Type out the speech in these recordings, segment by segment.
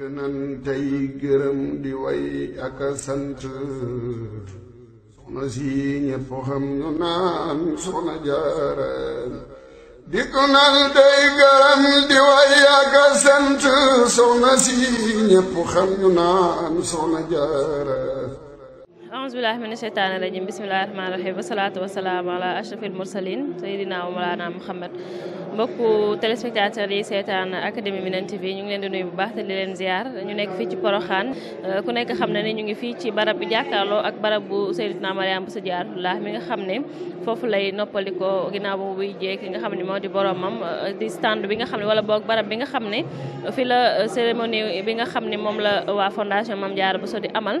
te nan tey gërëm di way ak sant gërëm di way ak sant soxna si ñépp xam ñu naan soxna jaara ahousubillahi mina sheytaani rajim bisimilahi rahmaani rahim wasalaatu wasalaamu ala ashrafil mursalin seydina wa mawlana muhammad mbokku téléspectateurs yi seetaan académie Minane TV ñu ngi leen di nuyu bu baax te di leen ziar ñu nekk fii ci Porokhane ku nekk xam ne ne ñu ngi fii ci barab bi jàkkaarloo ak barab bu Seydatuna Mariama Bousso Diarraoulah mi nga xam ne foofu lay noppalikoo ginnaaw boobu buy jeeg li nga xam ne moo di boromam di stand bi nga xam ne wala boog barab bi nga xam ne fi la cérémonie bi nga xam ne moom la waa fondation Mame Diarra Bousso di amal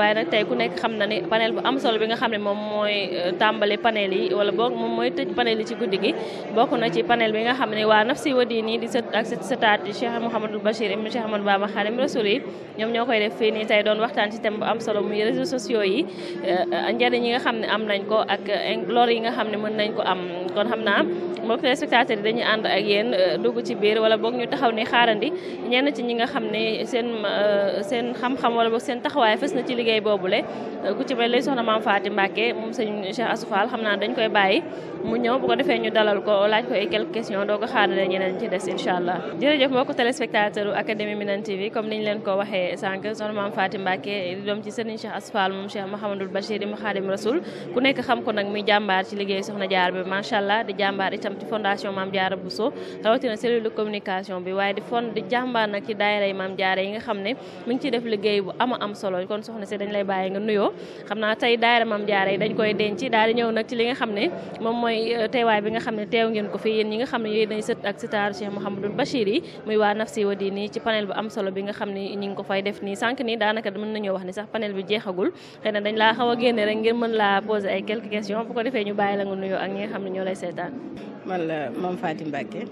waaye nag tey ku nekk xam na ni panel bu am solo bi nga xam ne moom mooy euh, tàmbali panel yi wala boog moom mooy tëj panel yi ci guddi gi bokk na ci panel bi nga xam ne waa naf si wadi nii di sët ak sët sëtaat yi Cheikh Mouhamadul Bachir ibn Cheikh Ahmadou Bamba Khadim Rasoul yi ñoom ñoo koy def fii nii tey doon waxtaan ci thème bu am solo muy réseaux sociaux yi euh, njëriñ yi nga xam ne am nañ ko ak euh, lor yi nga xam ne mën nañ ko am kon xam naa mbokk téléspectateurs yi dañuy ànd ak yéen dugg ci biir wala boog ñu taxaw ni xaarandi ñenn ci ñi nga xam ne seen seen xam wala boog seen taxawaay fës na ci liggéey boobule Euh, ku ci mel ni soxna maam Faati Mbàkke moom sëñ Cheikh Asou xam naa dañ koy bàyyi mu ñëw bu ko defee ñu dalal ko laaj ko ay quelques questions doo ko xaarale ñeneen ci des incha allah jërëjëf mbokk téléspectateur u académie Minane TV comme niñ leen ko waxee sànq soxna maam Faati Mbàkke doom ci sëriñ Cheikh Asou Fall moom Cheikh Mouhamadoul Bachir mu Xaadim Rasul ku nekk xam ko nag muy jàmbaar ci liggéey soxna jaar bi macha allah di jàmbaar itam ci fondation Maam Jaara Bousso rawatina cellule communication bi waaye di fond di jàmbaar nag ci daayira Jaara yi nga xam ne mu ngi ciy def liggéey bu ama am solo kon soxna si dañ lay bàyyi nga nuyoo xam naa tey daayira Mame Diarra yi dañ koy denc daal di ñëw nag ci li nga xam ne moom mooy euh, teewaay bi nga xam ne teew ngeen ko fi yéen ñi nga xam ne yooyu dañ sët ak sitaar Cheikh Mouhamadul Bachir yi muy waa Nafsi ci panel bu am solo bi nga xam ne ñi ngi ko fay def nii sànq nii daanaka mën nañoo wax ni sax panel bi jeexagul xëy na dañ laa xaw a génne rek ngir mën laa poser ay quelques questions bu ko defee ñu bàyyi la nga nuyoo ak ñi nga xam ne ñoo lay seetaan man la Mame Faty Mbacké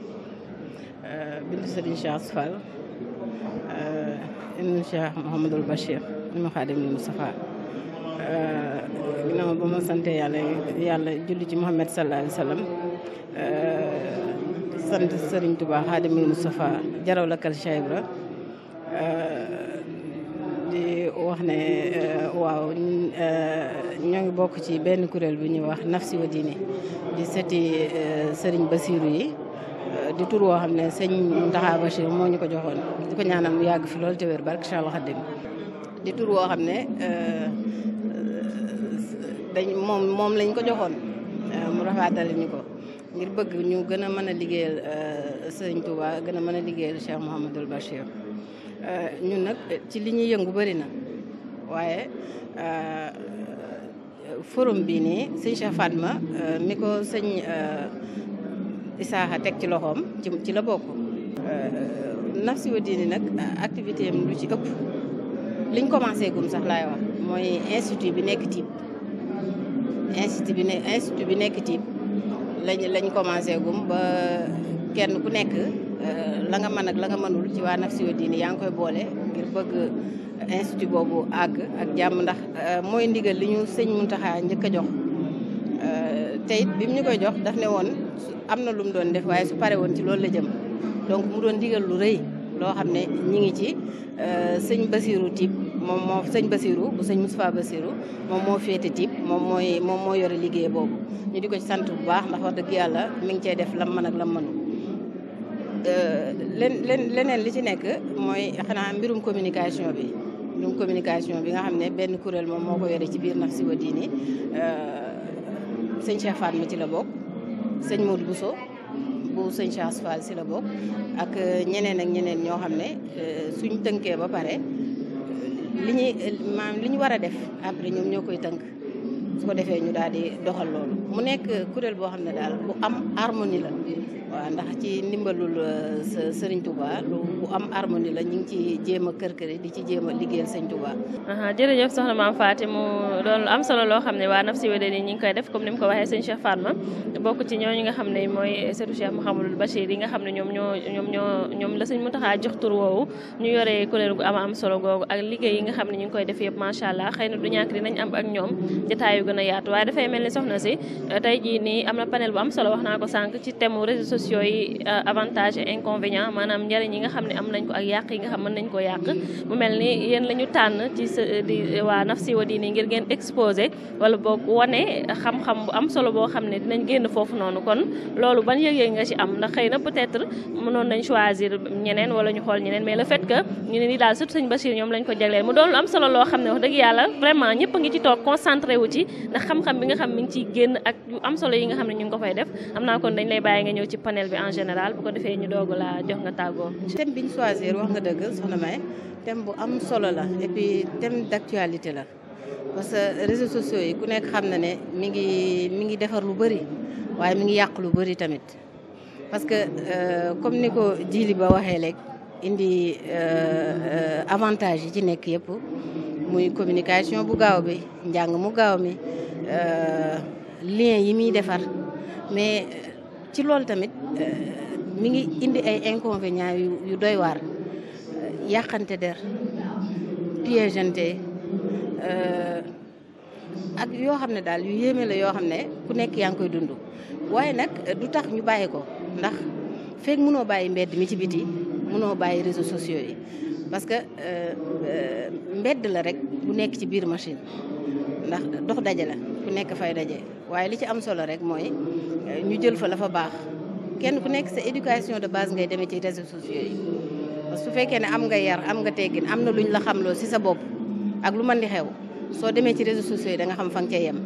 euh, bintu Serigne Cheikh Fall euh, ibnu Euh, ginnaaw ba ma sante yàlla yàlla julli ci Muhammad sallallahu alayhi wa sallam euh, sant sëriñ Tuubaa Xaadimul Mustafa jaraw lakkal Cheikh Ibra euh, di wax ne waaw ñoo ngi bokk ci benn kuréel bu ñuy wax Nafsi wa Diine di seti sëriñ Basiiru yi di tur woo xam ne sëñ Ndaxa Bachir moo ñu ko joxoon di ko ñaanal mu yàgg fi loolu te wér barke Cheikhul Xaadim di tur woo xam ne dañ moom moom lañ ko joxoon euh, mu rafaatale ñu ko ngir bëgg ñu gën a mën a liggéeyal euh, sëriñ Touba gën a mën a liggéeyal Cheikh Mouhamadul Bachir euh, ñun nag ci li ñuy yëngu bëri na waaye forum bii nii sëñ Cheikh Fatma mi ko sëñ Isaaxa teg ci loxoom ci ci la bokk. naf si wa diini nag activité am ci ëpp liñ commencé gum sax laay wax mooy institut bi nekk Tiib. institut bi ne institut bi nekk tiib lañ lañ commencé gum ba kenn ku nekk euh, la nga mën ak la nga mënul ci waa Nafsi wa diini yaa koy boole ngir bëgg institut boobu àgg ak jàmm ndax euh, mooy ndigal li ñu sëñ Muntaxa njëkk a jox euh, te it bi mu ñu koy jox daf ne woon am na lu mu doon def waaye su pare woon ci loolu la jëm donc mu doon ndigal lu rëy loo xam ne ñi ngi ci sëñ Basiiru Tiib moom moo sëñ Basirou bu sëñ Moustapha Basirou moom moo féete tiib moom mooy moom mooy yore liggéey boobu ñu di ko ci sant bu baax ndax wax dëgg yàlla mi ngi cey def lam mën ak lam mënu euh, len leneen li ci nekk mooy xanaa mbirum communication bi mbirum communication bi nga xam ne benn kuréel moom moo ko yore ci biir Nafsi wa Diini euh, sëñ Cheikh Fatma ci la bokk sëñ Modou Bousso bu sëñ Cheikh Fall si la bokk ak ñeneen ak ñeneen ñoo xam ne euh, suñ tënkee ba pare li ñuy maam li ñu war a def après ñoom ñoo koy tënk su ko defee ñu daal di doxal loolu mu nekk kuréel boo xam ne daal bu am harmonie la waaw ndax ci ndimbalul euh, Serigne Touba lu am harmonie la ñu ngi ci jéem a kër kër di ci jéem a liggéeyal Serigne Touba. jërëjëf soxna maam Faty mu doon loo xam ne waa Nafsi Wadani ngi koy def comme ko waxee sëñ Cheikh Fatma bokk ci ñooñu nga xam ne mooy sëtu Cheikh Mouhamadul Bachir yi nga xam ne ñoom ñoo ñoom ñoo ñoom la sëñ Mountakha jox tur woowu ñu yore kuréel gu am am solo googu ak liggéey yi nga xam ne ñu ngi koy def yëpp macha allah xay na du ñàkk dinañ am ak ñoom jataay gën a yaatu waaye dafay mel ni soxna si tey jii nii am na panel bu am solo wax naa ko sànq ci thème sociaux yi euh, avantage et inconvénient maanaam njëriñ yi nga xam ne am nañ ko ak yàq yi nga xam mën nañ ko yàq mu mel ni yéen la ñu tànn ci euh, di euh, waa Nafsi wa Diini ngir ngeen exposé wala boog wane xam-xam bu am solo boo xam ne dinañ génn foofu noonu kon loolu ban yëg nga ci am ndax xëy na peut-être mënoon nañ choisir ñeneen wala ñu xool ñeneen mais le fait que ñu ne ni daal surtout sëñ Bachir ñoom lañ ko mu doon lu am solo loo xam ne wax dëgg yàlla vraiment ñëpp a ngi ci toog concentré wu ci ndax xam-xam bi nga xam mi ngi ciy génn ak yu am solo yi nga xam ne ñu ngi ko fay def am naa kon dañ lay bàyyi nga ñëw ci panel bi en général bu ko defee ñu doog la jox nga tàggoo. thème bi ñu choisir wax nga dëgg soxna May thème bu am solo la et puis thème la parce que réseaux yi ku nekk xam na ne mi ngi mi ngi defar lu bëri waaye mi ngi yàq lu bëri tamit parce que euh, comme ni ko Djily Ba waxee léegi indi euh, avantage yi ci nekk yëpp muy communication bu gaaw bi njàng mu gaaw mi euh, lien yi muy defar mais. ci loolu tamit euh, mi ngi indi ay inconvénients yu doy waar euh, yàqante der piégeante euh, ak yoo xam ne daal yu yéeme la yoo xam ne ku nekk yaa ngi koy dund waaye nag du tax ñu bàyyi ko ndax feek munoo bàyyi mbedd mi ci biti mënoo bàyyi réseaux sociaux yi parce que mbedd la rek bu nekk ci biir machine ndax dox daje la ku nekk fay daje waaye li ci am solo rek mooy eh, ñu jël fa la fa baax kenn ku nekk sa éducation de base ngay demee ci réseaux sociaux yi su fekkee ne am nga yar am nga teggin am na lu ñu la xamloo si sa bopp ak lu mën di xew soo demee ci réseaux sociaux yi da nga xam fa nga cay yem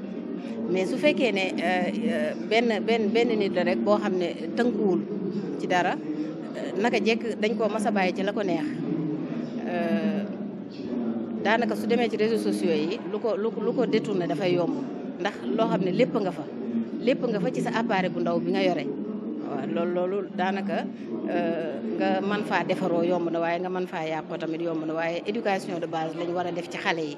mais su fekkee ne eh, eh, benn benn benn nit la rek boo xam ne tënkuwul ci dara naka jekk dañ koo mas a bàyyi ci la ko neex daanaka su demee ci réseaux sociaux yi lu ko lu lu ko détourné dafay yomb ndax loo xam ne lépp nga fa lépp nga fa ci sa appareil bu ndaw bi nga yore waaw loolu loolu daanaka euh, nga man faa defaroo yomb na waaye nga mën faa yàqoo tamit yomb na waaye éducation de base lañ war a def ci xale yi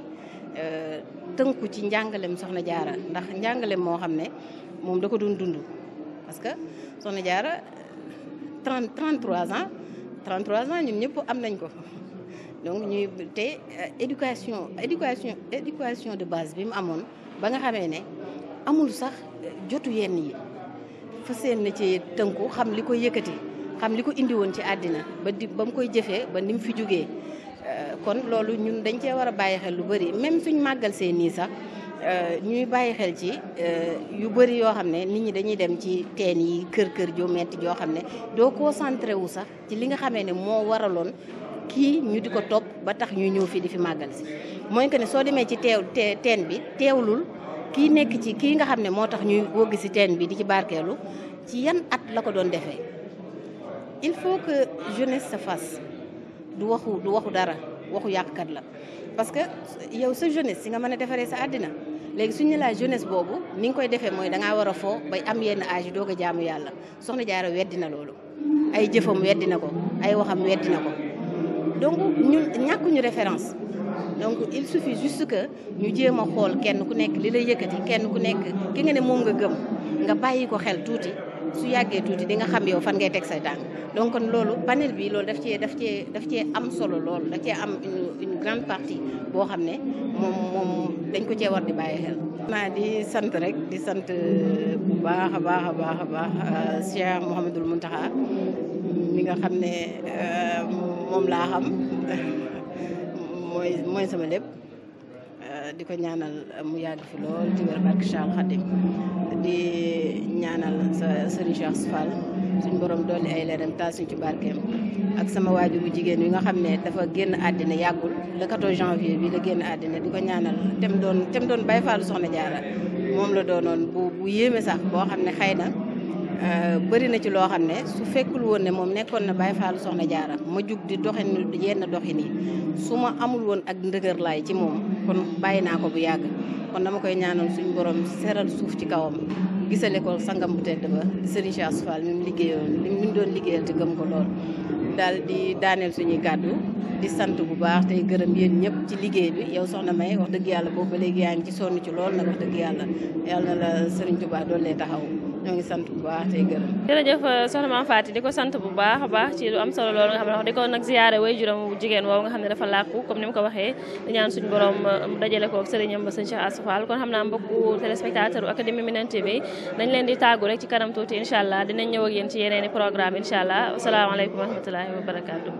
euh, tënku ci njàngalem soxna jaara ndax njàngalem moo xam ne moom da ko dund parce que soxna jaara 30 33 ans 33 ans ñun ñëpp am nañ ko donc ñuy te euh, éducation éducation éducation de base bi mu amoon ba nga xamee ne amul sax euh, jotu yenn yi fa seen na ci tënku xam li ko yëkkati xam li ko indi woon ci àddina ba di ba mu koy jëfee ba ni mu fi jógee euh, kon loolu ñun dañ cee war a bàyyi xel lu bëri même suñ màggal seen nii sax ñuy bàyyi xel ci yu bëri yoo xam ne nit ñi dañuy dem ci teen yi kër kër joo metti joo xam ne doo concentré wu sax ci li nga xamee ne moo waraloon kii ñu di ko topp ba tax ñu ñëw fii di fi màggal si mooy que ne soo demee ci teew teen bi teewlul kii nekk ci kii nga xam ne moo tax ñuy wógg si teen bi di ci barkeelu ci yan at la ko doon defee il faut que jeunesse sa fas du waxu du waxu dara waxu yàqkat la parce que yow sa jeunesse si nga mën a defaree sa àddina léegi suñu la jeunesse boobu ni nga koy defee mooy dangaa war a foo bay am yenn âge doo a jaamu yàlla soxna jaara weddi na loolu ay jëfam weddi na ko donc ñun ñàkkuñu référence donc il suffit juste que ñu jéem a xool kenn ku nekk li lay yëkkati kenn ku nekk ki nga ne moom nga gëm nga bàyyi ko xel tuuti su yàggee tuuti di nga xam yow fan ngay teg say tànk donc kon loolu panel bi loolu daf cee daf cee daf cee am solo loolu daf cee am une grande partie boo xam ne moom moom dañ ko cee war di bàyyi xel. naa di sant rek di sant euh, bu baax a baax a baax a baax euh, Cheikh Mouhamadul Mountakha mi nga xam ne euh, moom laa xam mooy mooy sama lépp. di ko ñaanal mu yàgg fi lool ci wér barke Cheikh di ñaanal sa Serigne Cheikh suñu borom dolli ay leeram taal suñ ci barkeem ak sama waajur bu jigéen yi nga xam ne dafa génn àddina yàggul le 14 janvier bi la génn àddina di ko ñaanal tem doon tem doon bay faalu soxna jaara moom la doonoon bu bu yéeme sax boo xam ne xëy na euh, bëri na ci loo xam ne su fekkul woon ne moom nekkoon na Baye Fallou Soxna Jaara ma jug di doxin yenn doxin yi su ma amul woon ak ndëgër laay ci moom kon bàyyi naa ko bu yàgg kon dama koy ñaanal suñ borom seral suuf ci kawam gisale ko sangam bu tedd ba Serigne Cheikh Asfal mi mu liggéeyoon li mu doon liggéeyal te gëm ko lool daal di daaneel suñuy kàddu di sant bu baax tey gërëm yéen ñëpp ci liggéey bi yow soxna May wax dëgg yàlla boobu ba léegi yaa ngi ci sonn ci lool nag wax dëgg yàlla yàlla na la Serigne Touba doole taxaw ñoo ngi sant bu baax tey gërëm. jërëjëf uh, soxna di ko sant bu baax a baax ci lu am solo loolu nga xam ne wax di ko nag ziyaare way juróom bu jigéen woowu nga xam ne dafa làkku comme ni mu ko waxee di ñaan suñu borom uh, dajale ko ak xam naa mbokku téléspectateur académie Minane TV dañ leen di tàggu rek ci kanam tuuti incha allah dinañ ñëw ak yéen ci yeneen i programme incha allah asalaamaaleykum wa rahmatullahi wa barakaatu.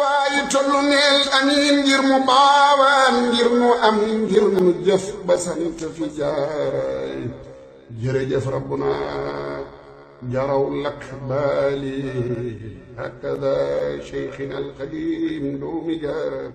waaye tollu neel amiin ngir mu baawaan ngir mu am ngir mu jëf ba sant fi jaaraay jërëjëf rabbuna jaraw lak baali hakada cheikhina alqadim doomi jaar